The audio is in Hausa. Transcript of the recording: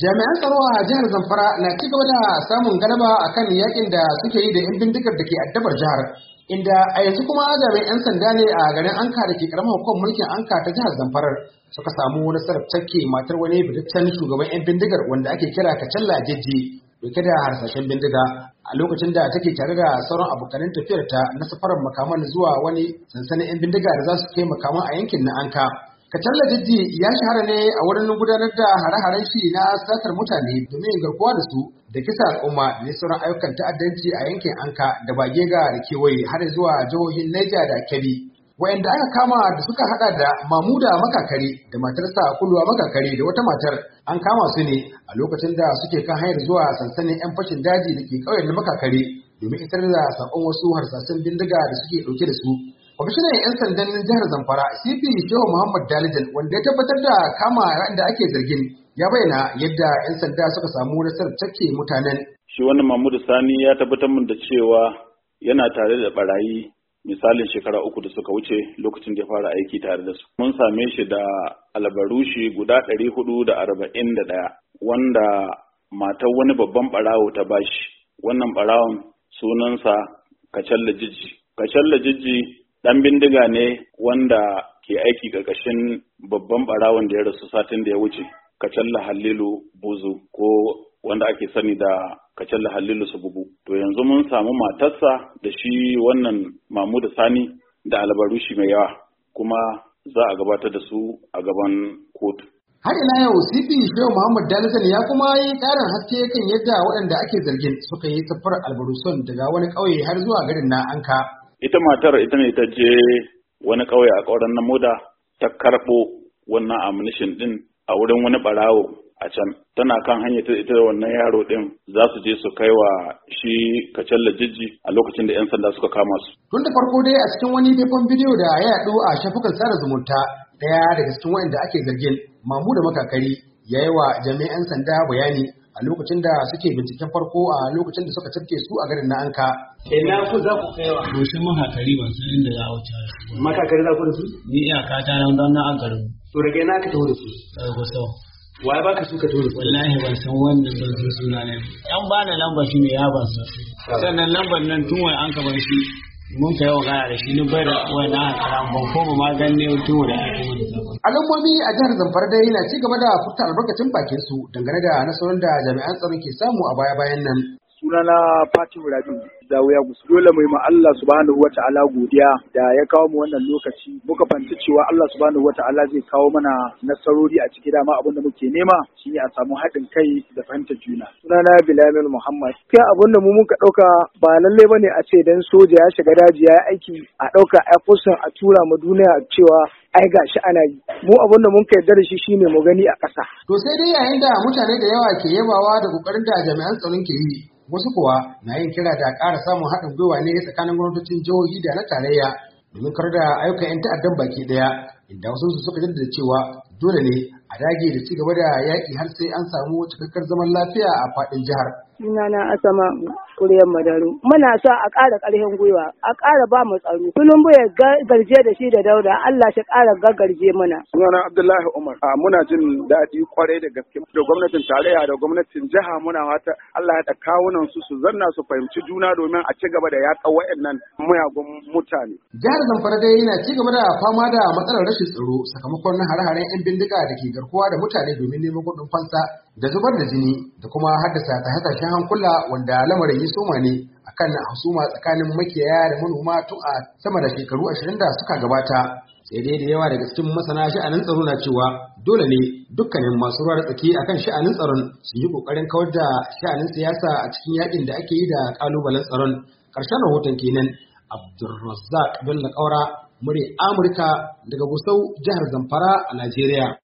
jami'an tsaro a jihar zamfara na ci gaba da samun galaba a kan yakin da suke yi da yan bindigar da ke addabar jihar inda a yanzu kuma jami'an sanda ne a garin anka da ke karamar hukumar mulkin anka ta jihar zamfarar suka samu nasarar take matar wani fitaccen shugaban yan bindigar wanda ake kira kacalla jeje dauke da harsashen bindiga a lokacin da take tare da sauran abokanin tafiyarta na safarar makaman zuwa wani sansanin yan bindiga da za su kai makaman a yankin na anka Katalla Jiji ya shahara ne a wurin gudanar da hare-haren shi na satar mutane domin garkuwa da su da kisa al'umma da sauran ayyukan ta'addanci a yankin Anka da Bagega da kewaye har zuwa jihohin Niger da Kebbi. Wayanda aka kama da suka hada da Mamuda Makakari da matarsa Kulwa Makakari da wata matar an kama su ne a lokacin da suke kan hanyar zuwa sansanin 'yan fashin daji da ke ƙauyen Makakari domin isar da sakon wasu harsasan bindiga da suke ɗauke da su. kwamishinan 'yan sandan jihar zamfara cp shehu muhammad dalijan wanda ya tabbatar da kama da ake zargin ya bayyana yadda 'yan sanda suka samu nasarar cakke mutanen shi wannan mahmudu sani ya tabbatar min da cewa yana tare da barayi misalin shekara uku da suka wuce lokacin da ya fara aiki tare da su mun same shi da albarushi guda ɗari hudu da arba'in da ɗaya wanda matar wani babban barawo ta bashi wannan barawon sunansa kacalla jijji kacalla jijji ɗan bindiga ne wanda ke aiki ƙarƙashin babban ɓarawon da ya rasu satin da ya wuce kacalla halilu buzu ko wanda ake sani da kacalla halilu sububu to yanzu mun samu matarsa da shi wannan mamuda sani da albarushi mai yawa kuma za a gabatar da su a gaban kotu har ina yau sifi shehu muhammad Dalisan, ya kuma yi karin haske kan yadda waɗanda ake zargin suka yi safar albarusun daga wani ƙauye har zuwa garin na anka ita matar ita ne ta je wani ƙauye a ƙauren na ta karɓo wannan amnishin ɗin a wurin wani ɓarawo a can tana kan hanya ta ita wannan yaro din za su je su kai wa shi da jijji a lokacin da 'yan sanda suka kama su. Tun da farko dai a cikin wani faifan bidiyo da ya yaɗo a shafukan sada zumunta ɗaya daga cikin waɗanda ake zargin mamu da makakari ya yi wa jami'an sanda bayani a lokacin da suke binciken farko a lokacin da suka cafke su a garin na anka. Ina ku za ku kaiwa? Dosin mahakari ban san inda za a wuce. Mahakari za ku da su? Ni iyaka ta nan don na an garin. To rage na ka taho su? Sai Ɗaga sau. Wai ba ka suka taho da su? Wallahi ban san wanda zan san suna ne. Yan ba na lambar shi ne ya ban san. Sannan lambar nan tun wai an ka ban shi mun ka yau gara da shi ni bai da wani hankara ban koma ma gan ne wato da al'ummomi a jihar zamfara dai na ci gaba da furta albarkacin bakin su dangane da nasarar da jami'an tsaro ke samu a baya-bayan nan sunana Fatima Rabiu da wuya gusu dole mai ma Allah subhanahu wa ta'ala godiya da ya kawo mu wannan lokaci muka fanci cewa Allah subhanahu wa ta'ala zai kawo mana nasarori a cikin dama abinda muke nema ne a samu haɗin kai da fahimtar juna sunana Bilamil Muhammad kai abinda mu muka ɗauka ba lalle bane a ce dan soja ya shiga daji ya aiki a ɗauka a a tura mu duniya cewa ai gashi ana yi mu abinda mun kai yarda da shi shine mu gani a ƙasa to sai dai yayin da mutane da yawa ke yabawa da kokarin da jami'an tsaron ke yi wasu kuwa na yin kira da ƙara samun haɗin gwiwa ne tsakanin gwamnatocin jihohi da na tarayya domin kar da ayyukan 'yan ta'addan baki ɗaya inda wasu su suka jaddada cewa dole ne a dage da ci gaba da yaƙi har sai an samu cikakkar zaman lafiya a faɗin jihar. Sunana Asama kuriyar madaru muna so a ƙara ƙarfin gwiwa a ƙara ba mu tsaro Kullum ya garje da shi da dauda Allah shi ƙara gagarje mana sunana Abdullahi Umar a muna jin daɗi kwarai da gaske da gwamnatin tarayya da gwamnatin jiha muna wata Allah ya da kawunan su su zanna su fahimci juna domin a ci gaba da yaƙa wayannan muyagun mutane jihar Zamfara dai yana ci gaba da fama da matsalar rashin tsaro sakamakon hare-haren 'yan bindiga da ke garkuwa da mutane domin neman kuɗin fansa da zubar da jini da kuma haddasa ta hasashen hankula wanda lamarin yi soma ne akan hasuma tsakanin makiyaya da manoma tun a sama da shekaru ashirin da suka gabata sai dai da yawa daga cikin masana sha'anin tsaro na cewa dole ne dukkanin masu ruwa da tsaki akan sha'anin tsaron su yi kokarin kawar da sha'anin siyasa a cikin yakin da ake yi da kalubalen tsaron karshen rahoton kenan abdulrazzaq bello kaura murya amurka daga gusau jihar zamfara a najeriya